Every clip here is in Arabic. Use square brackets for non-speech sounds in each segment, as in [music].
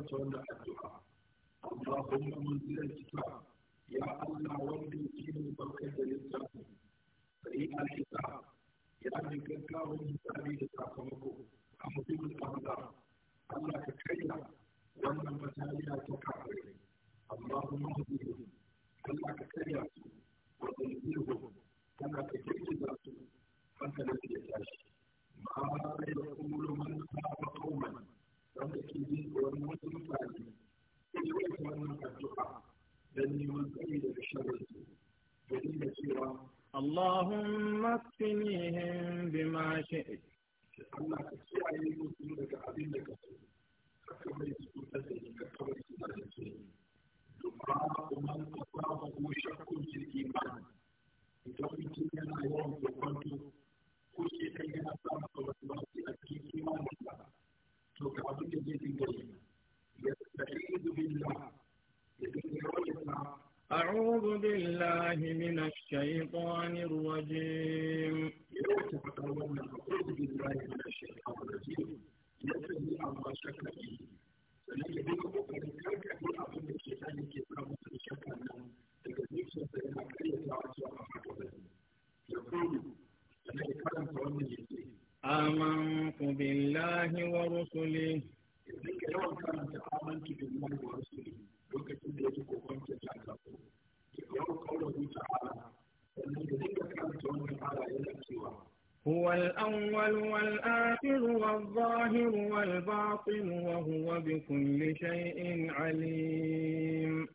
karanta wannan addu'a Allahumma munzilal kitab ya Allah wanda yake ne barkar da littafi sai ya ne gaggawa da sakamako a mutumin Allah Allah ka wannan bataliya ta kafare Allahumma hudihim Allah ka karya su wa zalzilhum kana ka su hankalin da ya tashi kuma شر دليل سوى اللهم بالله من الشيطان الرجيم أعوذ بالله من ya da da a ya karanta wannan آمنت بالله ورسله. والأول والآخر والظاهر والباطن وهو بكل شيء عليم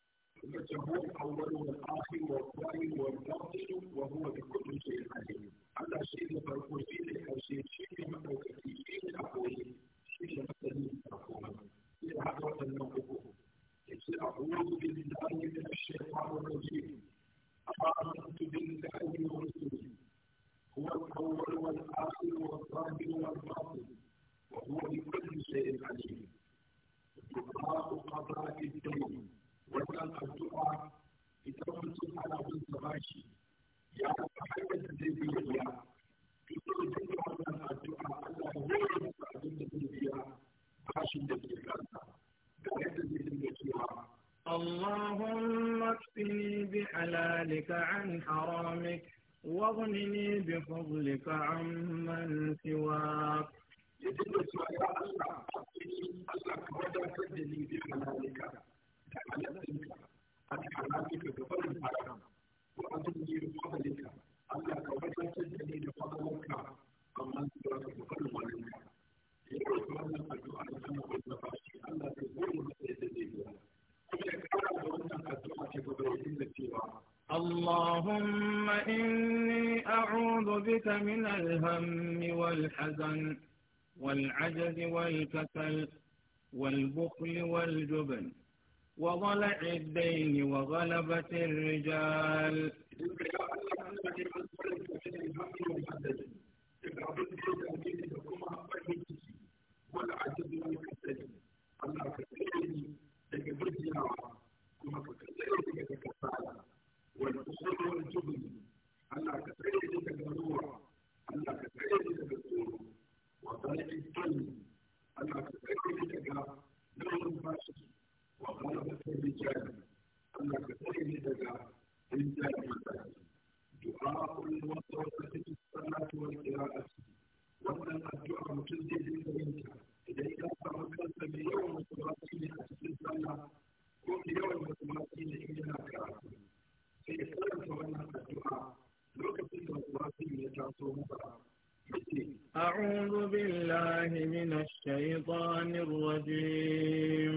وهو بكل شيء عليم بك عن حرامك واغنني بفضلك عمن سواك يجب يا الله الله كبدا كدني بحلالك تعلمك عن حرامك بفضل حرام وأغنني بفضلك الله كبدا كدني بفضلك عمن سواك بفضل اللهم إني أعوذ بك من الهم والحزن والعجز والكسل والبخل والجبن وضلع الدين وغلبة الرجال والعجز [laughs] والكسل والفصول والجبن الله كتير جدا النور الله كتير وطريق الظلم الله كتير جدا الشيطان الرجيم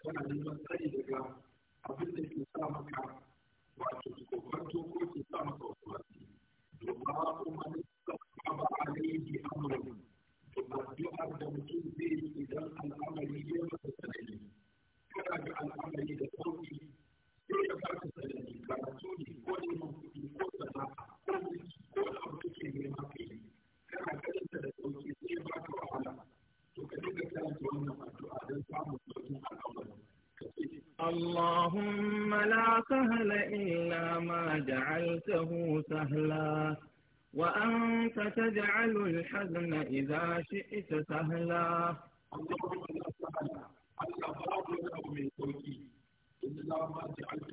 kana neman tsari daga abin da ke sa maka wato kokanto ko ke sa maka wasu wasu to ba kuma ne ba a laifi amurin to ba du'ar da mutum zai yi idan al'amari ya masa tsanani kana da al'amari da sauki تجعل الحزن إذا شئت سهلا اللهم لا سهلا ألا فرض يوم التوكيد إلا ما جعلت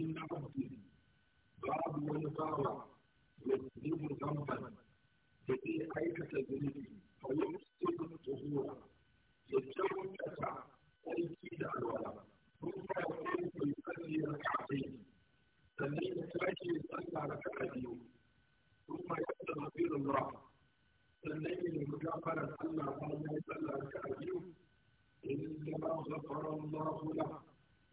من عبده باب من يزيد ذنبا ويحسن طهورا يجرم تسعى ويزيد الولا ثم يقول قلبي ركعتين سنين تأتي يصلى ركعتين ثم يستغفر الله سنين مكافرة الله فلا يصلى ركعتين إنما غفر الله له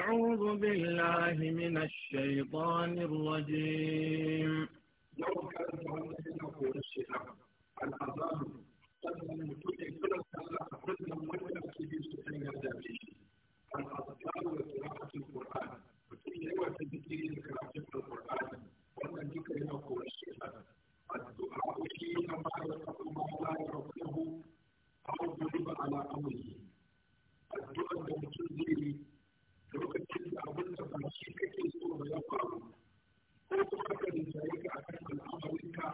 أعوذ بالله من الشيطان الرجيم لو كان فهمتنا قول الشيطان الأعظام قد لم تكن كل الكلام حفظنا مولى سيدي سبحان الله الأطفال وقراءة القرآن وفي نوع تذكير قراءة القرآن ولا ذكر لنا قول الدعاء فيه ما يصف ما لا يعرفه أو ضرب على أمره الدعاء المتنزيل lokacin da abin da ba shi kake so ba ya faru ko kuma ka rinjaye ka akan al'amarinka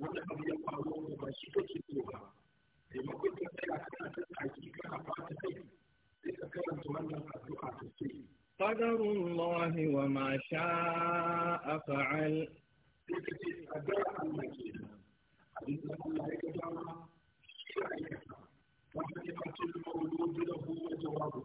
wanda abu ya faru ba shi kake so ba maimakon ka tsaya kana ta tsaki kana fata kai sai ka karanta wannan addu'a ta ce قدر الله وما شاء فعل قدر الله كده أبيت الله يكتب شيء يكتب وحقيقة المولود له وجوابه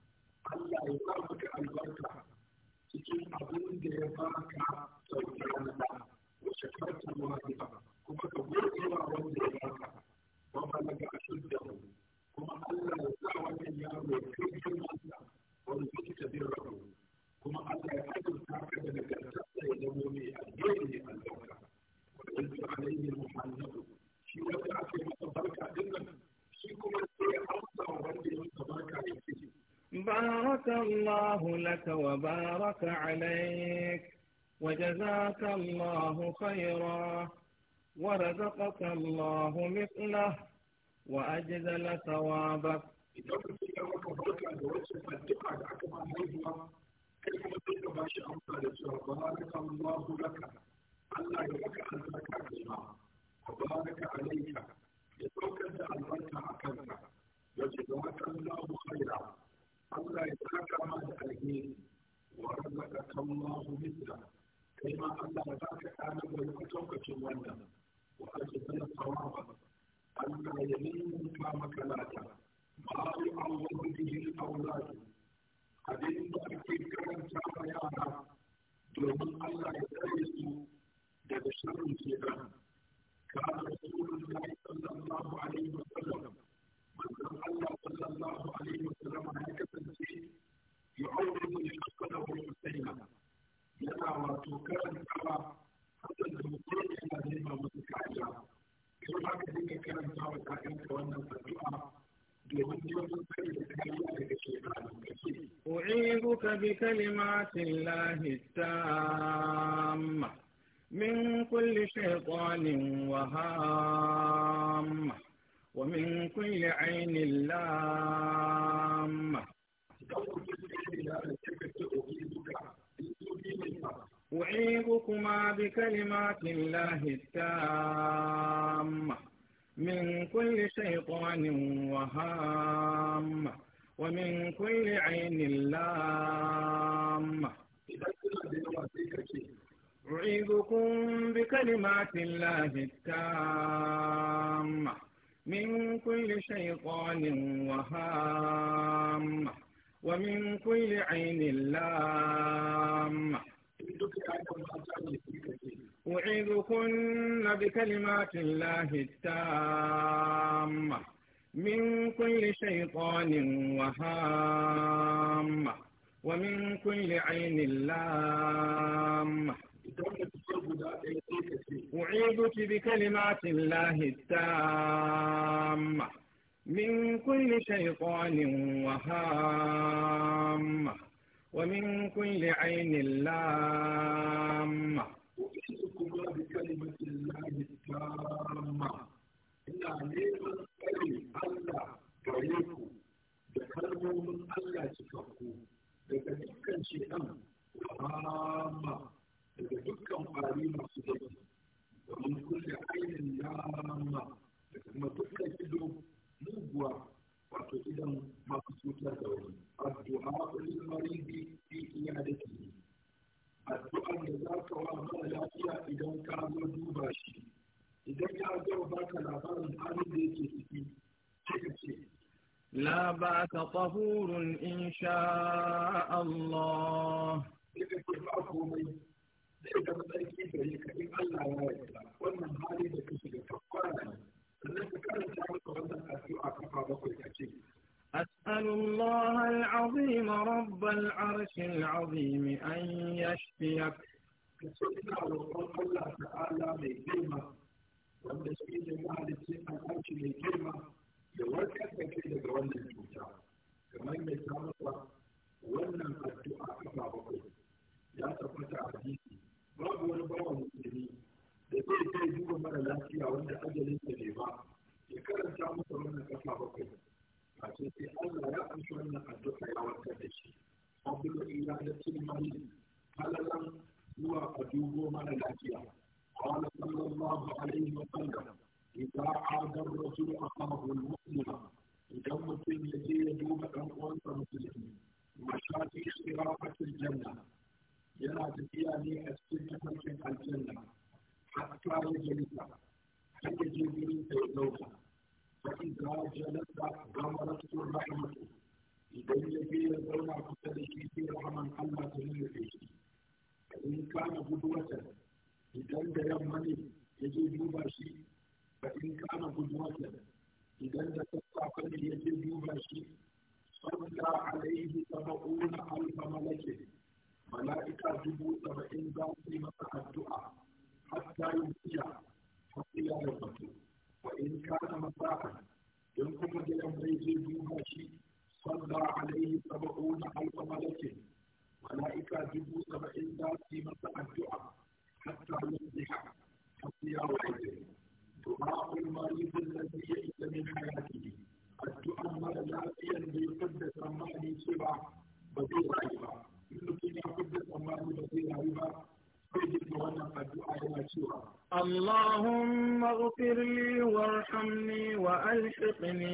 Allah ya ba maka albarka cikin abin ya ba ka kuma ka gode wa wanda ya ba kuma Allah ya sa wannan yaro ya kai wani kuma Allah ya ka الله لك وبارك عليك وجزاك الله خيرا ورزقك الله مثله واجزل ثوابك بارك الله لك الله لك ان تكرم وبارك عليك يسوك انت ان تكرم وجزاك الله خيرا Allah ya saka ma da alheri wa razaka kallahu mithla kai ma Allah ya saka kana da lokacin wannan wa ajzana sawaba Allah ya ninka maka lada ma yu'awwadu bihi al-awlad abin da ake karanta ma yara domin Allah ya tsare su daga sharrin shaitan كان رسول الله صلى الله عليه وسلم من الله صلى الله عليه وسلم هكذا يعود أعيذك بكلمات الله التامة من كل شيطان وهام ومن كل عين لامة أعيذكما بكلمات الله التامة من كل شيطان وهام ومن كل عين لامة أعيذكم بكلمات الله التامة من كل شيطان وهام ومن كل عين لامة أعيذكن بكلمات الله التامة من كل شيطان وهامة ومن كل عين لامة أعيذك بكلمات الله التامة من كل شيطان وهام ومن كل عين لامة أعيذكما بكلمة الله التامة إلا عليكم لا بأس طهور إن شاء الله أسأل الله العظيم رب العرش العظيم أن يشفيك. الله تعالى wanda shi ne mahalicci a ƙarshe mai girma ya warkar da ke daga wannan cuta kamar mai ba wannan addu'a kafa bakwai ya tabbata a hadisi babu wani bawan musulmi da zai kai duba mara lafiya wanda ajalinsa ne ba ya karanta masa wannan kafa bakwai a ce sai Allah ya amsa wannan addu'a ya warkar da shi abdullahi ya da cin mali halalan zuwa a dubo mara lafiya قال صلى الله عليه وسلم إذا عاد الرجل أخاه المسلم إذا الذي يدوم أن أنت مسلم مشاكل في الجنة ينادي تبياني السنة في الجنة حتى يجلس حتى يجلس يدوبها فإذا جلس غمرته الرحمة إذا الذي أن عبد في رحمة الله تهيئ فيه فإن كان قدوة idan da yamma ne ya je duba shi ba in kana gudunsa idan da sassafe ne ya je duba shi sabta alaihi saba'una alfa malake mala'ika dubu saba'in za su yi masa addu'a hatta yi siya hatta ya rabatu wa in kana masa'an in kuma da yamma ya je duba shi صلى عليه سبعون ألف ملك ملائكة جبوا سبعين ذات في مساء الدعاء حتى المسيح حتي يرى دعاء المريض الذي يئس من حياته قد تؤمل لاقيا بقدة أمان سبع بديل رهيبة يمكن قدة أمان بديل رهيبة اللهم اغفر لي وارحمني وألحقني